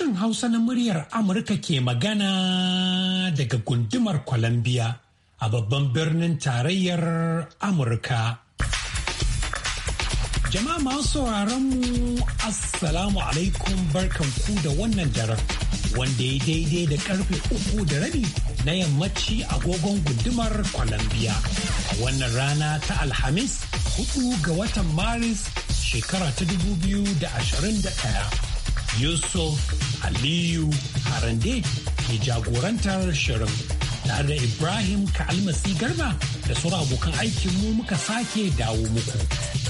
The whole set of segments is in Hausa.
Sashen Hausa na muryar Amurka ke magana daga gundumar Columbia a babban birnin tarayyar Amurka. Jama'a masu mu Assalamu alaikum barkanku da wannan daren wanda ya daidai da karfe uku da rabi na yammaci agogon gundumar Columbia. A wannan rana ta Alhamis hudu ga watan Maris shekara ta dubu biyu da da ashirin ɗaya. Yusuf Aliyu Harande ke jagorantar shirin tare da Ibrahim Kalmasi Garba da sauran abokan mu muka sake dawo muku.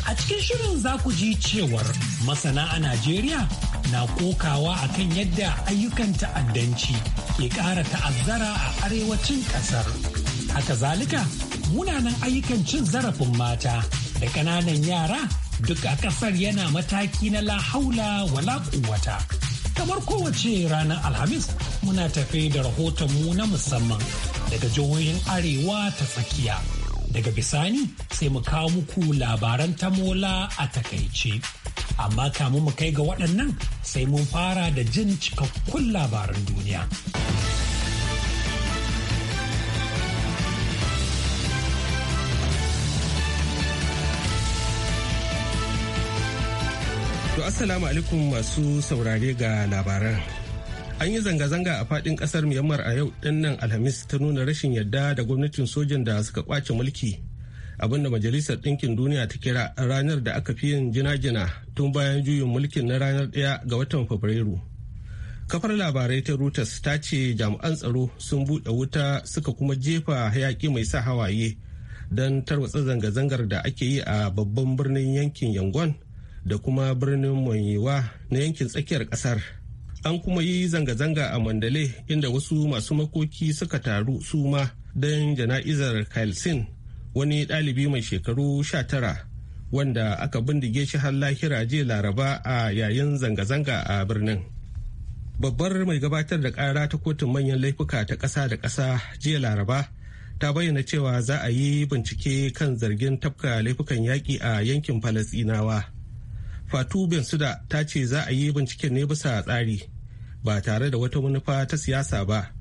A cikin shirin za ku ji cewar masana a Najeriya na kokawa akan yadda ayyukan ta'addanci ke ƙara ta'azzara a arewacin ƙasar. Haka zalika, munanan ayyukan cin zarafin mata da ƙananan yara duk a ƙasar yana mataki na la haula wala kuwata. Kamar kowace ranar Alhamis muna tafe da rahotonmu na musamman daga jihohin Arewa ta tsakiya. Daga bisani sai mu kawo muku labaran tamola a takaice. Amma kamun mu kai ga waɗannan sai mun fara da jin cikakkun labaran duniya. Assalamu alaikum masu saurare ga labaran. An yi zanga-zanga a fadin kasar Myanmar a yau dinnan Alhamis ta nuna rashin yadda da gwamnatin sojan da suka kwace mulki abinda Majalisar Ɗinkin Duniya ta kira ranar da aka fi yin jina-jina tun bayan juyin mulkin na ranar ɗaya ga watan Fabrairu. Kafar labarai ta Reuters ta ce jami'an tsaro sun buɗe wuta suka kuma jefa hayaƙi mai sa hawaye don tarwatsa zanga-zangar da ake yi a babban birnin yankin Yangon. da kuma birnin monyewa na yankin tsakiyar kasar an kuma yi zanga-zanga a mandale inda wasu masu makoki suka taru su ma don jana'izar kalsin wani ɗalibi mai shekaru sha-tara, wanda aka bindige shi har lahira jiya laraba a yayin zanga-zanga a birnin babbar mai gabatar da ƙara ta kotun manyan laifuka ta ƙasa da ƙasa jiya laraba ta bayyana cewa za a yi bincike kan zargin tafka laifukan yaƙi a yankin falasinawa fatu bensuda ta ce za a yi binciken ne bisa tsari ba tare da wata manufa ta siyasa ba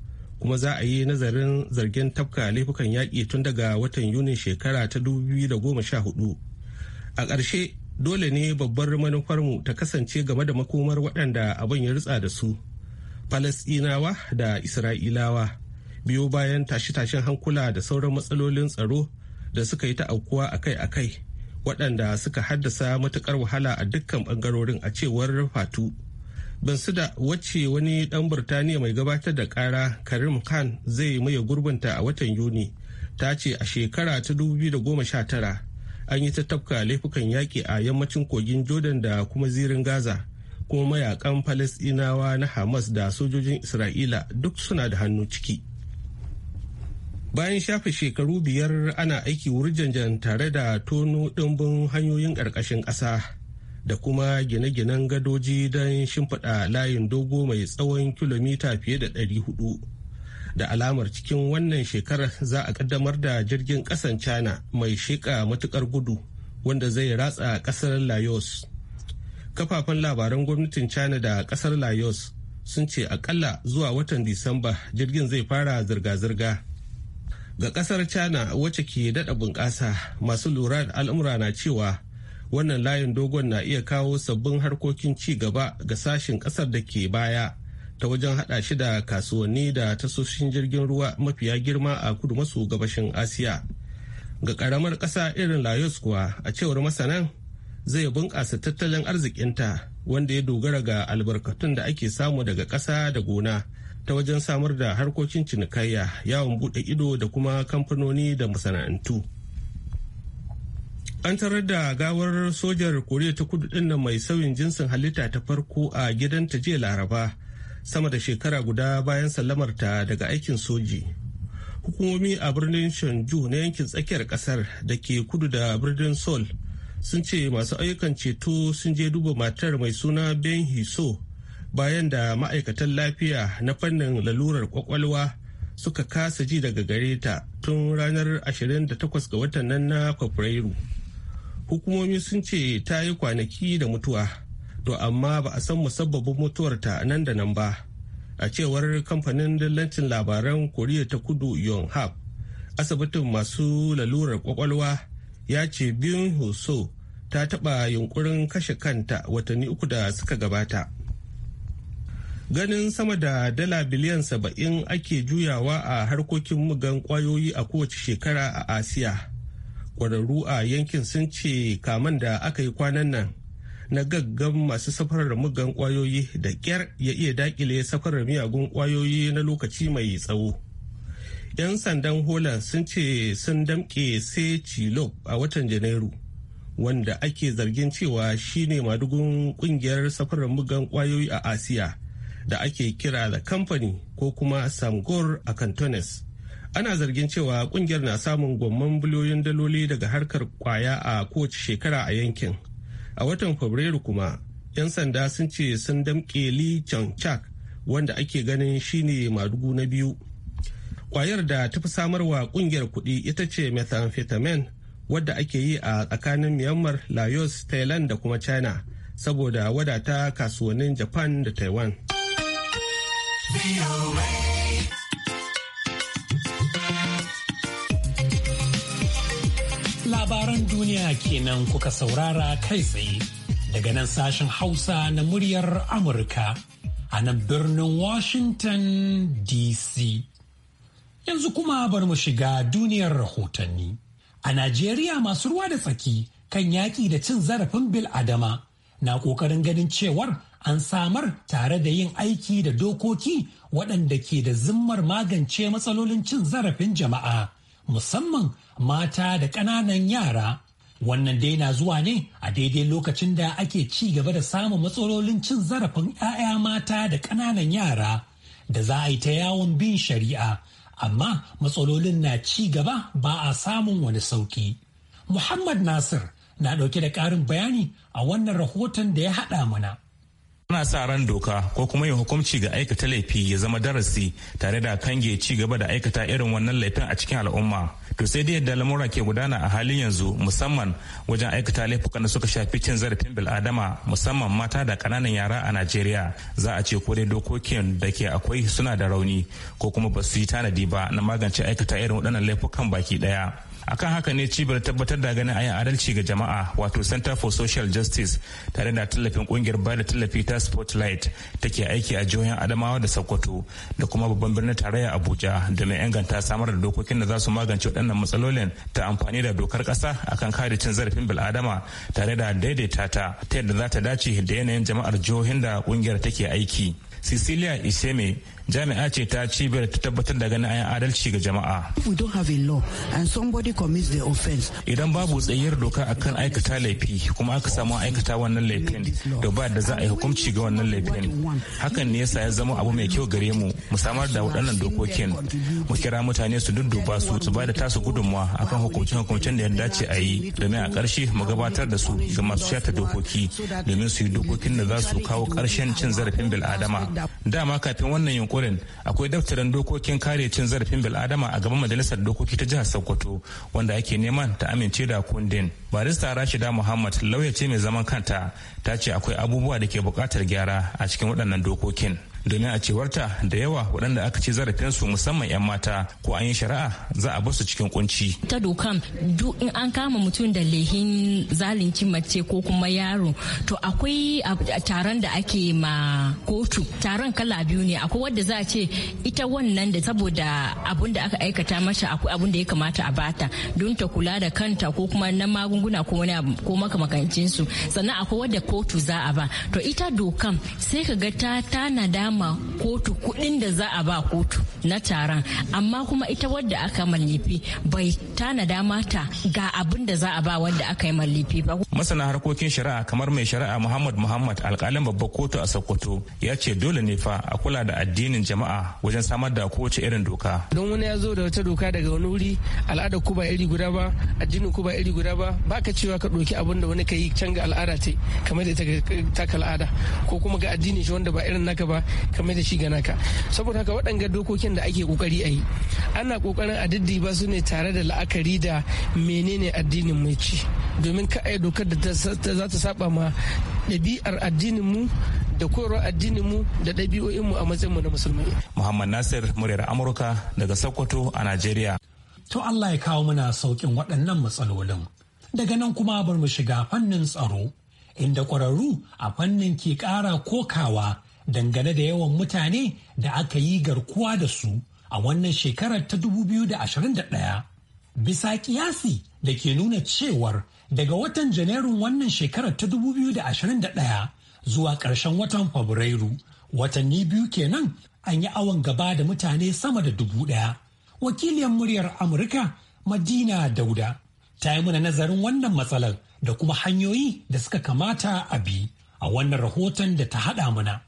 kuma za a yi nazarin zargin tafka laifukan yaƙi tun daga watan yunin shekara ta 2014 a ƙarshe dole ne babbar manufarmu ta kasance game da makomar waɗanda abin ya rutsa da su falasɗinawa da isra'ilawa biyo bayan tashe-tashen hankula da sauran matsalolin tsaro da suka yi ta aukuwa akai-akai waɗanda suka haddasa matuƙar wahala a dukkan ɓangarorin a cewar fatu da wacce wani ɗan burtaniya mai gabatar da ƙara karim khan zai maye gurbinta a watan yuni ta ce a shekara ta goma sha tara an yi ta tafka laifukan yaƙi a yammacin kogin jordan da kuma zirin gaza kuma mayakan falasɗinawa na hamas da sojojin isra'ila duk suna da hannu ciki bayan shafe shekaru biyar ana aiki janjan tare da tono ɗimbin hanyoyin ƙarƙashin ƙasa da kuma gine-ginen gadoji don shimfiɗa layin dogo mai tsawon kilomita fiye da 400 da alamar cikin wannan shekarar za a ƙaddamar da jirgin ƙasan china mai sheƙa matuƙar gudu wanda zai ratsa ƙasar laos kafafen labaran gwamnatin china da ƙasar laos sun ce akalla zuwa watan disamba jirgin zai fara zirga-zirga Ga kasar China wacce ke daɗa bunƙasa masu lura da al'amura na cewa wannan layin dogon na iya kawo sabbin harkokin ci gaba ga sashen ƙasar da ke baya ta wajen haɗa shi da kasuwanni da tasoshin jirgin ruwa mafiya girma a kudu maso gabashin Asiya. Ga ƙaramar ƙasa irin Laos kuwa a cewar masanan zai bunƙasa tattalin arzikinta wanda ya dogara ga albarkatun da ake samu daga ƙasa da gona ta wajen samar da harkokin cinikayya yawon bude ido da kuma kamfanoni da masana'antu an tarar da gawar sojar koriya ta kudu ɗin mai sauyin jinsin halitta ta farko a gidanta jiya laraba sama da shekara guda bayan sallamarta daga aikin soji hukumomi a birnin shanju na yankin tsakiyar kasar da ke kudu da birnin sol sun ce masu ayyukan ceto sun je duba matar mai suna ben hiso bayan da ma'aikatan lafiya na fannin lalurar kwakwalwa suka kasa ji daga gare ta tun ranar 28 ga watan nan na fabrairu hukumomi sun ce ta yi kwanaki da mutuwa to amma ba a san musabbabin mutuwar ta nan da nan ba a cewar kamfanin dillancin labaran koriya ta kudu yonhap asibitin masu lalurar kwakwalwa ya ce biyun huso ta taɓa yunkurin kashe kanta watanni uku da suka gabata ganin sama da dala biliyan saba'in ake juyawa a harkokin mugan kwayoyi a kowace shekara a asiya kwararru a yankin sun ce kaman da aka yi kwanan nan na gaggan masu safarar mugan kwayoyi da kyar ya iya dakile safarar miyagun kwayoyi na lokaci mai tsawo. 'Yan sandan Holland sun ce sun damke sai Chilop a watan Janairu, wanda ake zargin cewa shine madugun kungiyar safarar mugan kwayoyi a Asiya da ake kira da kamfani ko kuma samgor a cantones ana zargin cewa kungiyar na samun gwamman biliyoyin daloli daga harkar kwaya a kowace shekara a yankin a watan fabrairu kuma 'yan sanda sun ce sun damƙe li chak wanda ake ganin shine madugu na biyu kwayar da ta fi samarwa kungiyar kuɗi ita ce methamphetamine wadda ake yi a tsakanin myanmar laos thailand da kuma china saboda wadata kasuwannin japan da taiwan. Labaran duniya kenan kuka saurara kai tsaye daga nan sashen Hausa na muryar Amurka a nan birnin Washington DC. Yanzu kuma bar mu shiga duniyar rahotanni. A Najeriya masu ruwa da tsaki kan yaƙi da cin zarafin bil adama na ƙoƙarin ganin cewar an samar tare da yin aiki da dokoki waɗanda ke da zimmar magance matsalolin cin zarafin jama'a musamman mata da ƙananan yara wannan dai na zuwa ne a daidai lokacin da ake ci gaba da samun matsalolin cin zarafin 'ya'ya mata da ƙananan yara da za a yi ta yawon bin shari'a amma matsalolin na ci gaba ba a samun wani sauki muhammad nasir na ɗauke da ƙarin bayani a wannan rahoton da ya haɗa mana. Ana sa ran doka ko kuma yin hukunci ga aikata laifi ya zama darasi tare da kange ci gaba da aikata irin wannan laifin a cikin al'umma. To sai dai yadda lamura ke gudana a halin yanzu musamman wajen aikata laifukan da suka shafi cin zarafin bil'adama musamman mata da kananan yara a Najeriya za a ce ko dai dokokin da ke akwai suna da rauni ko kuma ba su yi tanadi ba na magance aikata irin waɗannan laifukan baki ɗaya. akan haka ne cibiyar tabbatar da ganin ayin adalci ga jama'a wato center for social justice tare da tallafin kungiyar bada tallafi ta spotlight take aiki a jihohin adamawa da sokoto da kuma babban birnin tarayya abuja da mai inganta samar da dokokin da za su magance waɗannan matsalolin ta amfani da dokar ƙasa akan kare cin zarafin bil'adama tare da daidaita ta ta yadda za ta dace da yanayin jama'ar jihohin da kungiyar take aiki cecilia iseme jami'a ce ta cibiyar ta tabbatar da ganin ayan adalci ga jama'a we and somebody commits the offense idan babu tsayiyar doka akan aikata laifi kuma aka samu aikata wannan laifin da ba da za a yi hukunci ga wannan laifin hakan ne yasa ya zama abu mai kyau gare mu mu samar da waɗannan dokokin mu kira mutane su dudduba su su ba da tasu gudunmawa akan hukuncin hukuncin da ya dace a yi domin a ƙarshe mu gabatar da su ga masu shata dokoki domin su yi dokokin da za su kawo ƙarshen cin zarafin bil'adama dama kafin wannan yunkuri kurin akwai daftarin dokokin kare cin zarafin bil'adama a gaban majalisar dokoki ta jihar sokoto wanda ake neman ta amince da kundin barista rashida muhammad lauya ce mai zaman kanta ta ce akwai abubuwa da ke buƙatar gyara a cikin waɗannan dokokin domin a cewarta da yawa waɗanda aka ce su musamman 'yan mata ko an yi shari'a za a basu cikin kunci. ta dokan duk in an kama mutum da lehin zalunci mace ko kuma yaro to akwai taron da ake ma kotu taron kala biyu ne akwai wadda za a ce ita wannan da saboda abun da aka aikata masa akwai abun da ya kamata a bata don ta kula da kanta ko kuma na magunguna ko wani ko makamancinsu sannan akwai wadda kotu za a ba to ita dokan sai ka ga ta tana da kama kotu kuɗin da za a ba kotu na taron amma kuma ita wadda aka mallifi bai tanada mata ga abin da za a ba wadda aka yi mallifi ba. Masana harkokin shari'a kamar mai shari'a Muhammad Muhammad alkalin babbar kotu a Sokoto ya ce dole ne fa a kula da addinin jama'a wajen samar da kowace irin doka. Don wani ya zo da wata doka daga wani wuri al'adar ku ba iri guda ba addinin ku ba iri guda ba baka cewa ka ɗauki abin da wani ka yi can ga al'ada ce kamar da ita ta al'ada ko kuma ga addinin shi wanda ba irin naka ba kamar da shi ga naka saboda haka waɗanga dokokin da ake kokari a yi ana kokarin a diddiba su ne tare da la'akari da menene addinin mai ci domin ka dokar da za ta saba ma ɗabi'ar addinin mu da koyarwar addinin mu da ɗabi'o'in mu a matsayin mu na musulmi muhammad nasir muryar amurka daga sokoto a najeriya to allah ya kawo mana saukin waɗannan matsalolin daga nan kuma bar mu shiga fannin tsaro inda kwararru a fannin ke ƙara kokawa dangane da yawan mutane da aka yi garkuwa da su a wannan shekarar ta 2021 bisa kiyasi da ke nuna cewar daga watan janairun wannan shekarar ta 2021 zuwa ƙarshen watan fabrairu watanni biyu kenan an yi awon gaba da mutane sama da dubu ɗaya wakiliyar muryar amurka madina dauda ta yi mana nazarin wannan matsalar da kuma hanyoyi da suka kamata a bi a wannan rahoton da ta haɗa mana.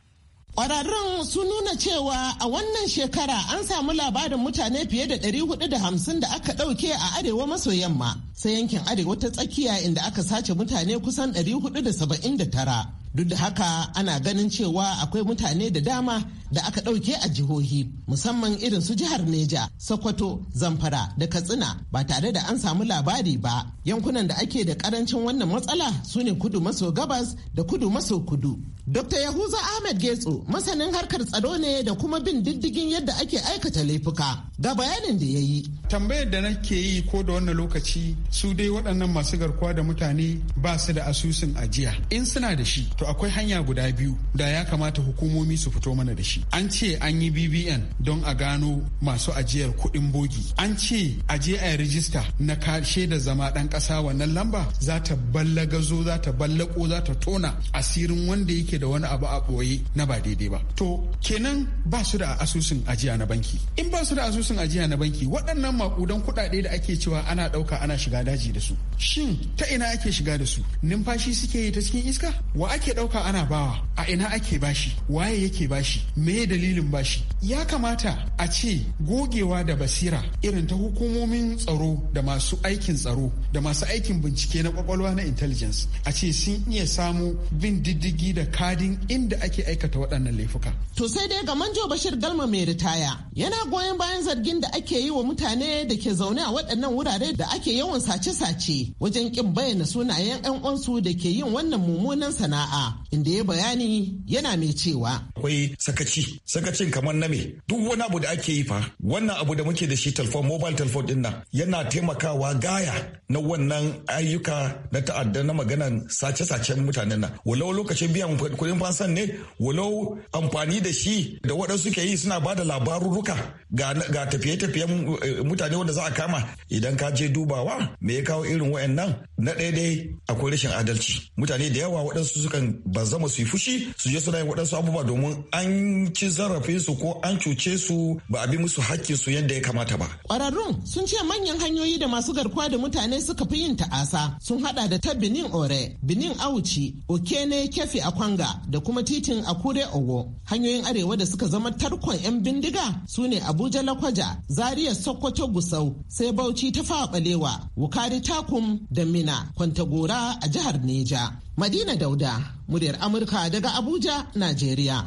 Ƙwararrun sun nuna cewa a wannan shekara an samu labarin mutane fiye da 450 da aka ɗauke a arewa maso yamma sai yankin arewa ta tsakiya inda aka sace mutane kusan 479. duk da haka ana ganin cewa akwai mutane da dama da aka ɗauke a jihohi musamman irin su jihar neja sokoto zamfara da katsina ba tare da an samu labari ba yankunan da ake da karancin wannan matsala su ne kudu maso gabas da kudu maso kudu dr yahuza ahmed getso masanin harkar tsaro ne da kuma bin diddigin yadda ake aikata laifuka ga bayanin da ya yi tambayar da nake yi ko da wannan lokaci su dai waɗannan masu garkuwa da mutane ba su da asusun ajiya in suna da shi to akwai hanya guda biyu da ya kamata hukumomi su fito mana da shi an ce an yi bbn don a gano masu ajiyar kuɗin bogi an ce a je a rijista na kashe da zama ɗan ƙasa wannan lamba za ta ballagazo za ta ballako za ta tona asirin wanda yake da wani abu a ɓoye na ba daidai ba to kenan ba su da asusun ajiya na banki in ba su da asusun ajiya na banki waɗannan maƙudan kuɗaɗe da ake cewa ana ɗauka ana shiga daji da su shin ta ina ake shiga da su numfashi suke yi ta cikin iska wa ake ake ɗauka ana bawa a ina ake bashi waye yake bashi me dalilin bashi ya kamata a ce gogewa da basira irin ta hukumomin tsaro da masu aikin tsaro da masu aikin bincike na kwakwalwa na intelligence a ce sun iya samu bin diddigi da kadin inda ake aikata waɗannan laifuka. To sai dai ga manjo Bashir Galma mai ritaya yana goyon bayan zargin da ake yi wa mutane da ke zaune a waɗannan wurare da ake yawan sace-sace wajen ƙin bayyana sunayen 'yan uwansu da ke yin wannan mummunan sana'a. inda ya bayani yana mai cewa. Akwai sakaci, sakacin kamar na me duk wani abu da ake yi fa wannan abu da muke da shi telefon mobile telefon din nan yana taimakawa gaya na wannan ayyuka na ta'adda na maganan sace-sacen mutanen nan walau lokacin biyan kuɗin fansan ne walau amfani da shi da waɗansu ke yi suna ba da labarurruka ga tafiye-tafiyen eh, mutane wanda za a kama idan ka je dubawa me ya kawo irin wa'annan na ɗaya dai akwai rashin adalci mutane da yawa waɗansu sukan ba zama su yi fushi su je suna yin waɗansu abubuwa domin an ci zarafin su ko an cuce su ba a bi musu hakkin su yadda ya kamata ba. Ƙwararrun sun ce manyan hanyoyi da masu garkuwa da mutane suka fi yin ta'asa sun haɗa da ta Benin Ore, Benin Auci, Okene Kefi Akwanga da kuma titin Akure Owo. Hanyoyin arewa da suka zama tarkon 'yan bindiga su ne Abuja Lakwaja, Zaria Sokoto Gusau, sai Bauchi ta Fawa Balewa, Wukari Takum da Mina, Kwantagora a jihar Neja. Madina Dauda, muryar Amurka daga Abuja, Najeriya.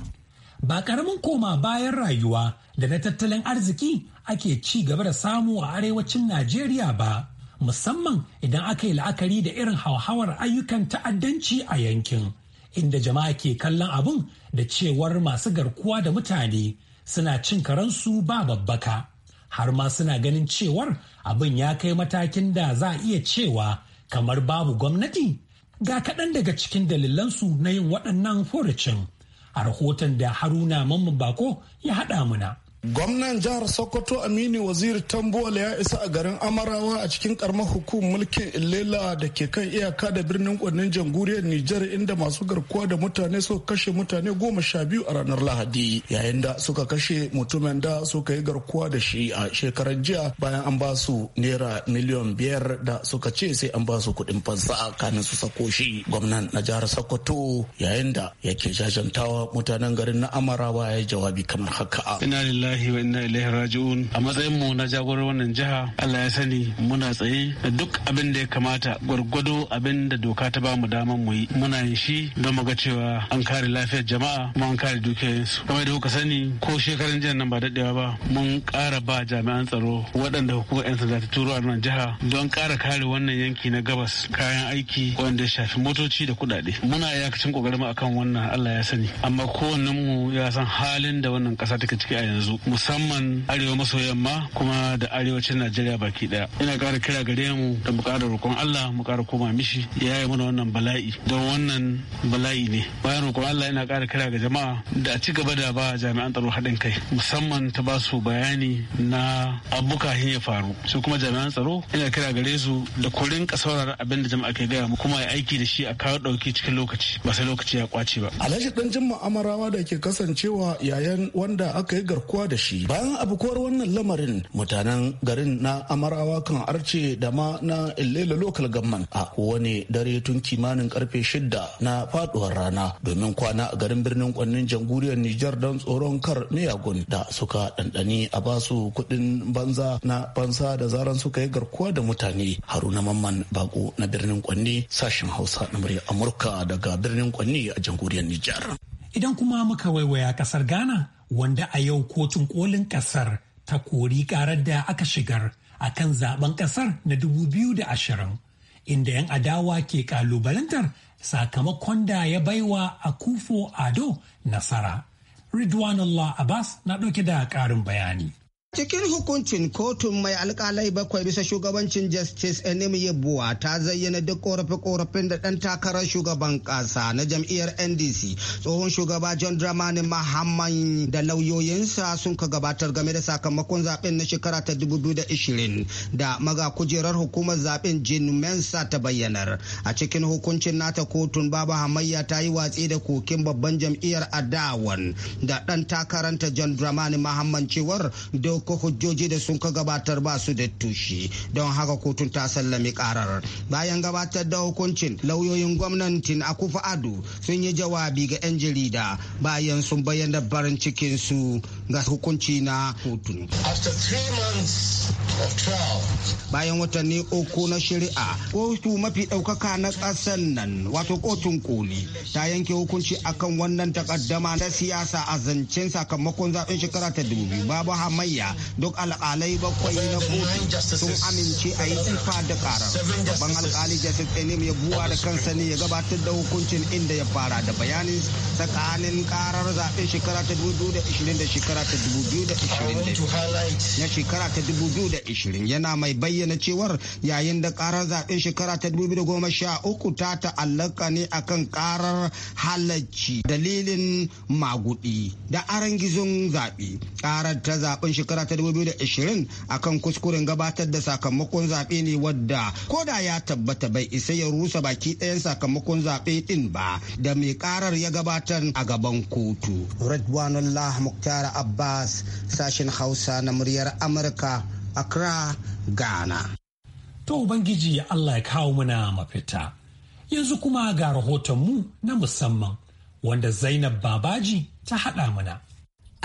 Ba ƙaramin koma bayan rayuwa da na tattalin arziki ake ci gaba da samu a arewacin Najeriya ba, musamman idan aka yi la'akari da irin hauhawar ayyukan ta'addanci a yankin, inda jama'a ke kallon abun da cewar masu garkuwa da mutane suna cin karansu ba babbaka. Har ma suna ganin cewar abin ya kai matakin da za a iya cewa kamar babu gwamnati Ga kaɗan daga cikin dalilansu na yin waɗannan furucin a rahoton da Haruna Mamman Bako ya haɗa muna. gwamnan jihar sokoto aminu waziri tambuwal ya isa a garin amarawa a cikin karamar hukumar mulkin Ilela da ke kan iyaka da birnin kwanin jamhuriyar nijar inda masu garkuwa da mutane suka kashe mutane goma sha biyu a ranar lahadi yayin da suka kashe mutumin da suka yi garkuwa da shi a shekarar jiya bayan an ba su naira miliyan biyar da suka ce sai an ba su kuɗin fansa kanin su sako shi gwamnan na jihar sokoto yayin da yake jajantawa mutanen garin na amarawa ya jawabi kamar haka. lillahi wa inna ilaihi raji'un a matsayin mu na jagorar wannan jiha Allah ya sani muna tsaye da duk abin da ya kamata gwargwado abin da doka ta bamu daman mu yi muna yin shi don mu ga cewa an kare lafiyar jama'a kuma an kare dukiyoyinsu kamar da kuka sani ko shekarun jiya nan ba daɗewa ba mun ƙara ba jami'an tsaro waɗanda hukumar 'yan sanda ta turo a nan jiha don ƙara kare wannan yanki na gabas kayan aiki wanda ya shafi motoci da kuɗaɗe muna yakacin ƙoƙarin mu akan wannan Allah ya sani amma kowannen mu ya san halin da wannan ƙasa take ciki a yanzu musamman arewa maso yamma kuma da arewacin najeriya baki daya ina kara kira gare mu da mu kara roƙon allah mu kara koma mishi ya yi mana wannan bala'i don wannan bala'i ne bayan roƙon allah ina kara kira ga jama'a da a ci gaba da ba jami'an tsaro haɗin kai musamman ta ba su bayani na abuka ya faru su kuma jami'an tsaro ina kira gare su da kurin saurara abin da jama'a ke gaya mu kuma ya aiki da shi a kawo ɗauki cikin lokaci ba sai lokaci ya kwace ba alhaji dan jimma amarawa da ke kasancewa yayan wanda aka yi garkuwa da da shi bayan abukuwar wannan lamarin mutanen garin na amarawa kan arce da ma na illela local government a wani dare tun kimanin karfe shidda na faduwar rana domin kwana a garin birnin kwannin janguriyar nijar don tsoron kar miyagun da suka dandani a basu kuɗin banza na bansa da zaran suka yi garkuwa da mutane haruna mamman bako na birnin kwanni sashen hausa na murya amurka daga birnin kwanni a jamhuriyar nijar idan kuma muka waiwaya kasar ghana wanda a yau kotun kolin kasar ta kori karar da aka shigar a kan zaben kasar na 2020 inda 'yan adawa ke kalubalantar sakamakon da ya baiwa a kufo ado nasara ridwanullah abbas na ɗauke da ƙarin bayani Cikin hukuncin kotun mai alkalai bakwai bisa shugabancin Justice Enemi Yabuwa ta zayyana duk korafe-korafen da ɗan takarar shugaban ƙasa na jam'iyyar NDC tsohon shugaba John Dramani Mahamman da lauyoyinsa sun ka gabatar game da sakamakon zaben na shekara ta 2020 da maga kujerar hukumar zaben Jin Mensa ta bayyanar. A cikin hukuncin nata kotun Baba Hamayya ta yi watsi da kokin babban jam'iyyar Adawan da ɗan takaranta John Dramani Mahamman cewar ko hujjoji da sun ka gabatar ba su da tushe don haka kotun ta sallami karar bayan gabatar da hukuncin lauyoyin gwamnatin akufa ado sun yi jawabi ga 'yan jarida bayan sun bayyana barin cikin su ga hukunci na kotun bayan watanni uku na shari'a kotu mafi ɗaukaka na ƙasan nan wato kotun koli ta yanke hukunci akan wannan takaddama na siyasa a zancen sakamakon zaben shekara ta dubu babu hamayya duk alkalai bakwai na kotu sun amince a yi tsifa da karar. Babban alƙali Justice Enim ya buwa da kansa ne ya gabatar da hukuncin inda ya fara da bayanin tsakanin karar zaɓen shekara ta 2020 da shekara ta 2020 na shekara ta 2020 yana mai bayyana cewar yayin da karar zaɓen shekara ta 2013 ta ta'allaka ne akan karar halacci dalilin magudi da gizon zaɓe karar ta zaɓen shekara ta 2020 akan kuskuren gabatar da sakamakon zaɓe ne wadda ko da ya tabbata bai isa ya rusa baki ɗayan sakamakon zaɓe ɗin ba da mai ƙarar ya gabatar a gaban kotu. Redwanullah Muktar Abbas sashen Hausa na muryar Amurka Accra, Ghana. To Ubangiji Allah ya kawo mana mafita. Yanzu kuma ga rahotonmu na musamman wanda Zainab Babaji ta haɗa mana.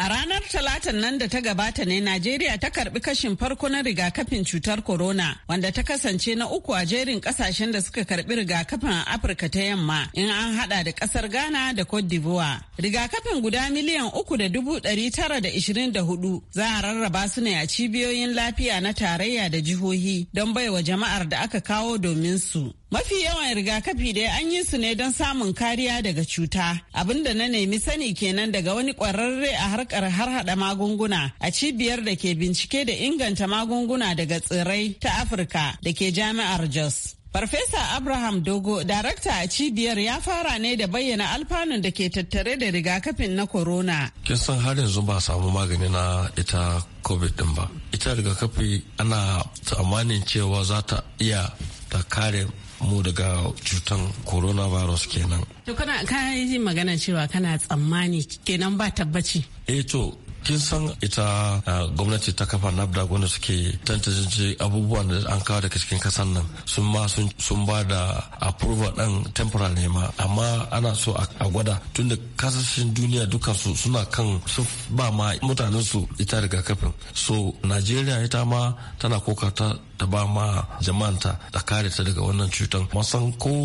A ranar Talatan nan da ta gabata ne Najeriya ta karbi kashin farko na rigakafin cutar corona wanda ta kasance na uku a jerin kasashen da suka karbi rigakafin a Afirka ta yamma in an hada da kasar Ghana da Cote d'Ivoire. Rigakafin guda miliyan uku da dubu ɗari tara da ishirin da hudu za a rarraba su ne a cibiyoyin lafiya na tarayya da jihohi don baiwa jama'ar da aka kawo domin su. Mafi yawan rigakafi dai an yi su ne don samun kariya daga cuta. Abinda na nemi sani kenan daga wani kwararre a harkar har hada magunguna a cibiyar da ke bincike da inganta magunguna daga tsirrai ta Afirka da ke jami'ar Jos. Farfesa Abraham Dogo, darakta a cibiyar ya fara ne da bayyana alfanun da ke tattare da rigakafin na corona. Kin san har yanzu ba samu magani na ita COVID din ba. Ita rigakafi ana tsammanin cewa za ta iya ta kare mu daga cutan coronavirus kenan. To kana ka yi magana cewa kana tsammani kenan ba tabbaci. Eh to kin san ita gwamnati ta kafa nabda wanda suke tantance abubuwan da an kawo daga cikin kasan nan sun ma sun ba da approval dan temporal ne ma amma ana so a gwada tunda kasashen duniya duka su suna kan su ba ma mutanen su ita rigakafin so najeriya ita ma tana kokata ta ba ma jama'anta ta kare ta daga wannan cutan masan ko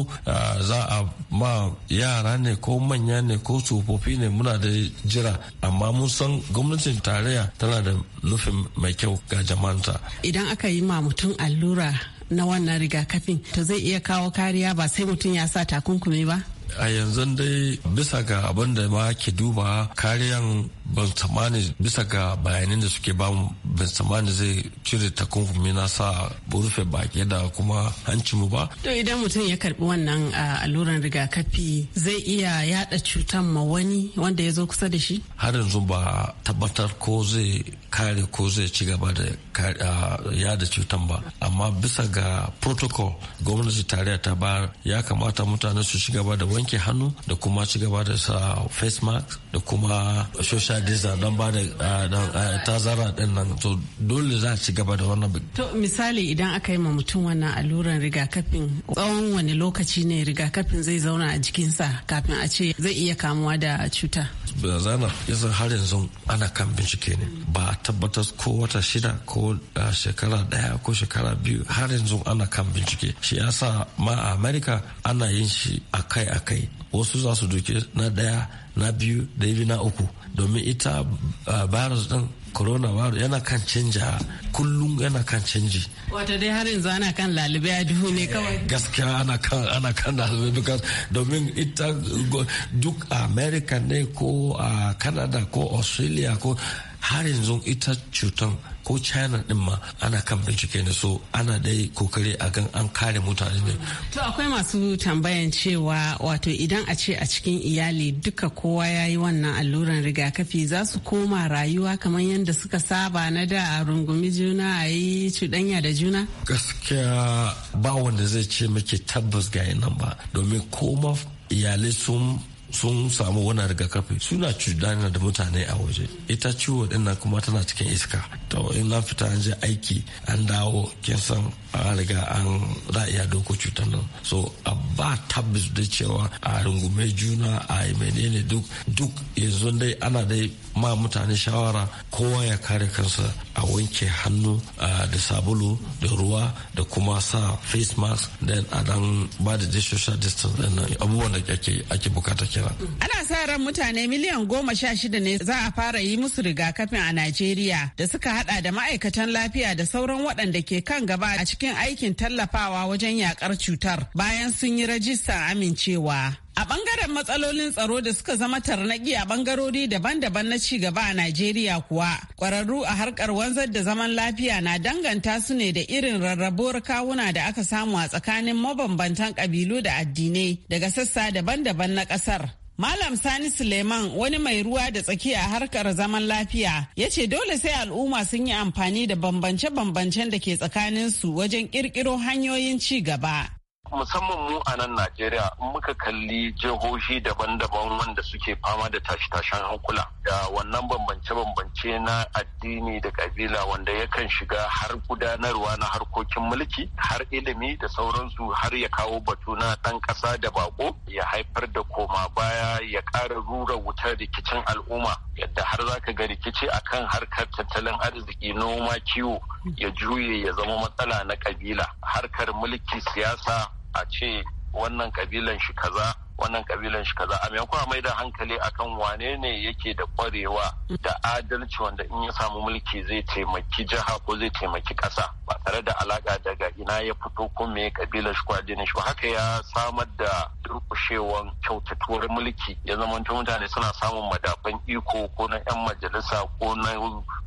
za a ma yara ne ko manya ne ko tsofaffi ne muna da jira amma mun san gwamnatin tarayya tana da nufin mai kyau ga jama'anta idan aka yi ma mutum allura na wannan rigakafin to zai iya kawo kariya ba sai mutum ya sa takunkumi ba a yanzu dai bisa ga abin da ma ke duba kariyan ban tsammani bisa ga bayanin da suke bamu ban tsammani zai cire takunkumi na sa rufe baki da kuma hanci mu ba. To idan mutum ya karbi wannan alluran rigakafi zai iya yada cutan ma wani wanda ya zo kusa da shi? Har yanzu ba tabbatar ko zai kare ko zai ci gaba da yada cutan ba. Amma bisa ga protocol gwamnati tarayya ta ba ya kamata mutane su ci gaba da wanke hannu da kuma ci gaba da sa face mask da kuma social social Disa don ba da tazara din nan to dole za a ci gaba da wannan to misali idan aka yi ma mutum wannan alluran rigakafin tsawon wani lokaci ne rigakafin zai zauna a jikinsa kafin a ce zai iya kamuwa da cuta zana yanzu har yanzu ana kan bincike ne ba a tabbatar ko wata shida ko shekara daya ko shekara biyu har yanzu ana kan bincike shi yasa ma a america ana yin shi akai-akai wasu za su duke na daya na biyu da yabi na uku domin ita ah, virus din coronavirus yana kan canja kullum yana kan canji wato dai har yanzu ana kan lalube a duhu ne kawai gaskiya ana kan ana kan lalube because domin ita duk america ne ko a ah, canada ko australia ko har yanzu ita cutan ko china din ma ana kan bincike ne so ana dai kokari a gan an kare mutane ne to akwai masu tambayan cewa wato idan a ce a cikin iyali duka kowa ya yi wannan alluran rigakafi za su koma rayuwa kamar yadda suka saba na da a rungumi juna a yi cuɗanya da juna gaskiya ba wanda zai ce muke tabbas ga nan ba domin koma iyalai sun sun samu wannan rigakafi suna cudana da mutane a waje ita ciwo din kuma tana cikin iska to in na fita an je aiki an dawo kin san an riga an za a doko cutar nan so a ba tabbis da cewa a rungume juna a menene duk duk yanzu dai ana dai ma mutane shawara kowa ya kare kansa a wanke hannu da sabulu da ruwa da kuma sa face mask then a dan ba da social distance nan abubuwan da ake ake bukata kira ana sa ran mutane miliyan goma sha shida ne za a fara yi musu rigakafin a Najeriya da suka hada da ma'aikatan lafiya da sauran waɗanda ke kan gaba a cikin cikin aikin tallafawa wajen yakar cutar bayan sun yi rajistar amincewa. A bangaren matsalolin tsaro da suka zama tarnaki a bangarori daban-daban na ci gaba a Najeriya kuwa, ƙwararru a harkar wanzar da zaman lafiya na danganta su ne da irin rarrabuwar kawuna da aka samu a tsakanin mabambantan ƙabilu da addinai daga sassa daban-daban na ƙasar. Malam Sani Suleiman wani mai ruwa da tsaki a harkar zaman lafiya ya ce dole sai al'umma sun yi amfani da bambance-bambancen da ke tsakaninsu wajen ƙirƙiro hanyoyin ci gaba. musamman mu a nan Najeriya muka kalli jihohi daban-daban wanda suke fama da tashi-tashen hankula da wannan bambance-bambance na addini da kabila wanda yakan shiga har gudanarwa na harkokin mulki har ilimi da sauransu har ya kawo batu na ɗan ƙasa da bako ya haifar da koma baya ya ƙara rura wutar rikicin al'umma yadda har za ka ga rikici a kan harkar tattalin arziki noma kiwo ya juye ya zama matsala na kabila harkar mulki siyasa a ce wannan kabilan shi kaza wannan kabilan shi kaza a maimakon a da hankali akan wane ne yake da kwarewa da adalci wanda in ya samu mulki zai taimaki jiha ko zai taimaki ƙasa ba tare da alaka daga ina ya fito ko me kabilar shi kwa jini shi haka ya samar da durkushewan kyautatuwar mulki ya zama mutane suna samun madafan iko ko na yan majalisa ko na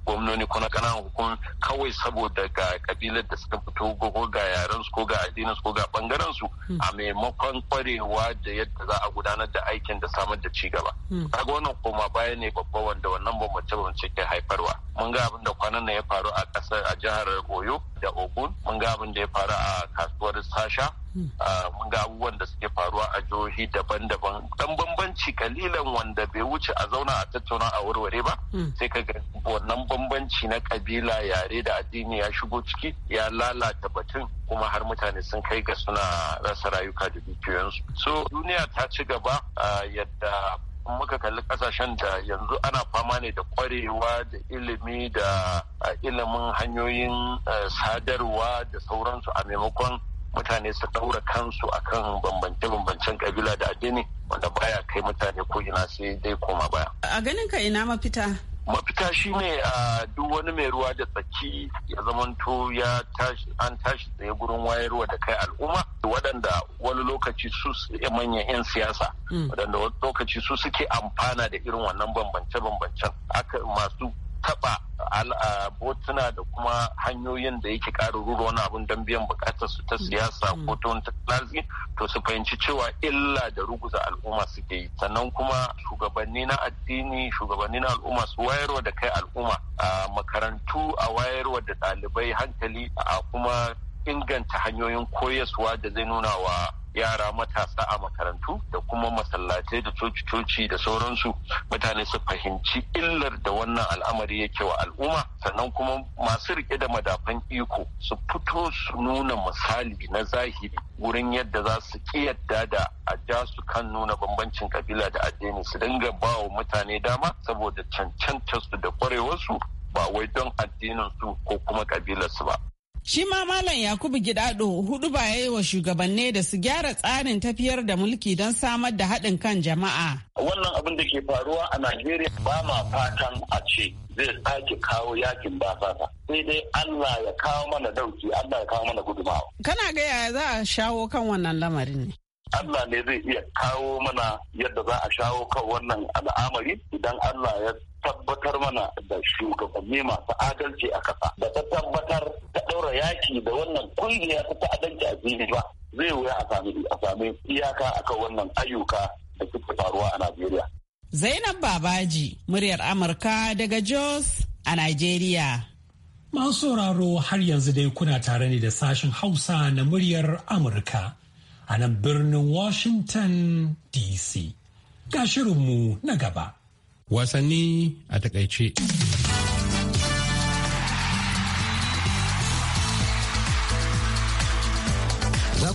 gwamnoni ko na kananan hukum kawai saboda ga kabilar da suka fito ko ga yaren su ko ga addinin su ko ga bangaren su hmm. a maimakon kwarewa da yadda za a gudanar da aikin da samar da cigaba. Hmm. Kaga wannan koma baya ne babba wanda wannan bambance bambance ke haifarwa. Mun ga abin da kwanan nan ya faru a kasar a jihar Oyo da ogun mun ga abin da ya faru a kasuwar sasha hmm. ah, mun ga abubuwan da suke faruwa a jihohi daban-daban dan bambanci kalilan wanda bai wuce a zauna a tattauna a warware ba hmm. sai ka ga wannan bambanci na kabila yare da addini ya shigo ciki ya lalata batun kuma har mutane sun kai ga suna rasa rayuka da dukiyoyinsu so duniya ta ci gaba ah, yadda muka kalli kasashen da yanzu ana fama ne da kwarewa da ilimi da ilimin hanyoyin sadarwa da sauransu a maimakon mutane su daura kansu a kan bambance-bambancen kabila da addini wanda baya kai mutane ko ina sai dai koma baya. A ganin ka ina mafita? mafita shine a duk wani mai ruwa da tsaki ya zamanto ya tashi an tashi tsaye gurin wayarwa da kai al'umma waɗanda wani lokaci su manyan 'yan siyasa hmm. waɗanda wani lokaci su suke amfana da irin wannan bambance-bambancen masu taɓa botuna da kuma hanyoyin da yake karu ruru wani abun don biyan bukatar su ta mm. siyasa ko mm. ta wani tattalin to su fahimci cewa illa da ruguza al'umma suke yi sannan kuma shugabanni na addini shugabanni na al'umma su wayarwa da kai al'umma a makarantu a wayarwa da ɗalibai hankali a kuma inganta hanyoyin koyaswa da zai nuna wa yara matasa a makarantu da kuma masallatai da coci-coci da sauransu mutane su fahimci illar da wannan al'amari yake wa al'umma sannan kuma masu rike da madafan iko su fito su nuna misali na zahiri wurin yadda za su yadda da a ja su kan nuna bambancin kabila da addini su dinga ba wa mutane dama saboda cancantarsu da kwarewarsu ba wai don addinin su ko kuma kabilarsu ba. Shi ma Malam Yakubu Gidado hudu ba ya yi wa shugabanni da su gyara tsarin tafiyar da mulki don samar da haɗin kan jama'a. Wannan abin da ke faruwa a Najeriya ba ma fatan a ce zai sake kawo yakin ba fata. Sai dai Allah ya kawo mana dauki, Allah ya kawo mana gudumawa. Kana ga yaya za a shawo kan wannan lamarin ne? Allah ne zai iya kawo mana yadda za a shawo kan wannan al'amari idan Allah ya tabbatar mana da shugabanni masu adalci a kasa da ta tabbatar ta ɗaura yaki da wannan kungiya ta ta'addanci a fili ba zai wuya a sami iyaka akan wannan ayyuka da suke faruwa a Najeriya. Zainab Babaji, muryar Amurka daga Jos a Najeriya. Masu sauraro har yanzu dai kuna tare ne da sashen Hausa na muryar Amurka a nan birnin Washington DC. Ga shirinmu na gaba. wasanni a takaice.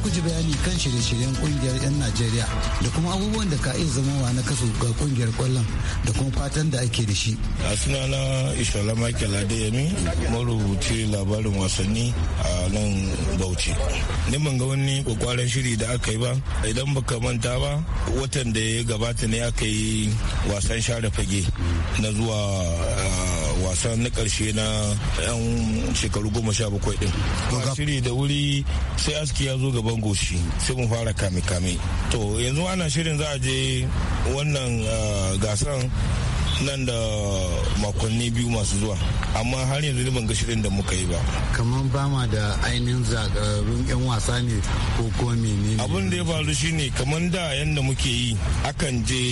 ku bayani kan shirye-shiryen kungiyar 'yan Najeriya da kuma abubuwan da ka iya zama wa na kasu ga kungiyar kwallon da kuma fatan da ake da shi. A sunana Ishola Michael Adeyemi marubuci labarin wasanni a nan Bauchi. Ni ban ga wani kwakwaran shiri da aka yi ba idan baka manta ba watan da ya gabata ne aka yi wasan share fage na zuwa ah, Wasan na karshe na yan shekaru goma sha bakwai din shiri da wuri sai aski ya zo gaban goshi sai mu fara kame kame to yanzu ana shirin za a je wannan ah, gasan nan da makonni biyu masu zuwa amma har yanzu ban ga shirin da muka yi ba kamar ba ma da ainihin zakarun yan wasa ne ko ko ne. abin da ya faru shine kamar da yadda muke yi akan je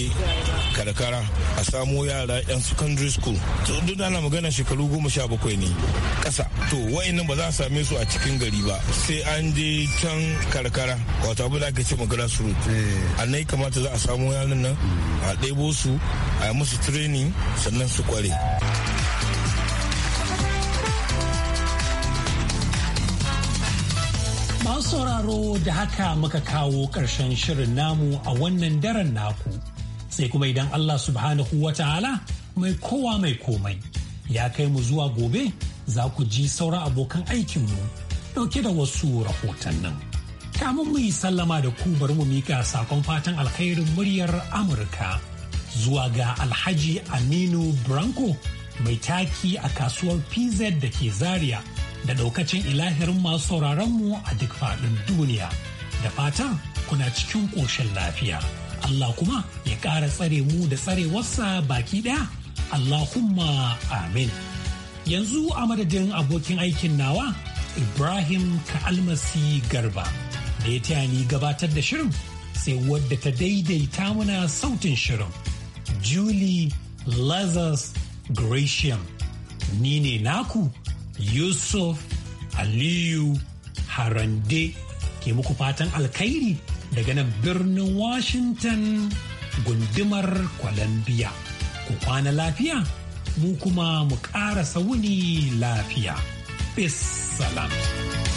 karkara a samo yara yan secondary school to duk ana magana shekaru goma sha bakwai ne kasa to wa'annan ba za a same su a cikin gari ba sai an je can karkara wato abu da aka ce magana su eh. a nai kamata za a samo yaran nan a ɗebo su a musu training sani sannan su kware masu sauraro da haka muka kawo ƙarshen shirin namu a wannan daren naku sai kuma idan allah subhanahu wa ta'ala mai kowa mai komai ya kai mu zuwa gobe za ku ji sauran abokan aikinmu ɗauke da wasu rahotannin. kamun mu yi sallama da ku bari mu mika sakon fatan alkhairin muryar Amurka zuwa ga Alhaji Aminu Branko mai taki a kasuwar PZ da ke Zaria da daukacin ilahirin masu mu a duk faɗin duniya. Da fatan kuna cikin ƙoshin lafiya. Allah kuma ya ƙara tsare mu da tsarewarsa baki ɗaya. Allahumma amin. Yanzu a madadin abokin aikin nawa Ibrahim Ka'almasi Garba da ya taya ni gabatar da shirin sai wadda ta daidaita mana sautin shirin. Julie Lazarus Gratian Ni ne naku Yusuf Aliyu Harande ke muku fatan alkhairi daga nan birnin Washington gundumar Columbia. Ku kwana lafiya, mu kuma mu ƙara sauni lafiya. Peace salam.